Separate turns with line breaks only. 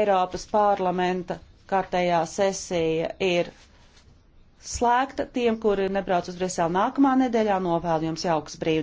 Eiropas parlamenta kārtējā sesija ir slēgta. Tiem, kuri nebrauc uz Briselu nākamā nedēļā, novēlu jums jauks brīvdienas.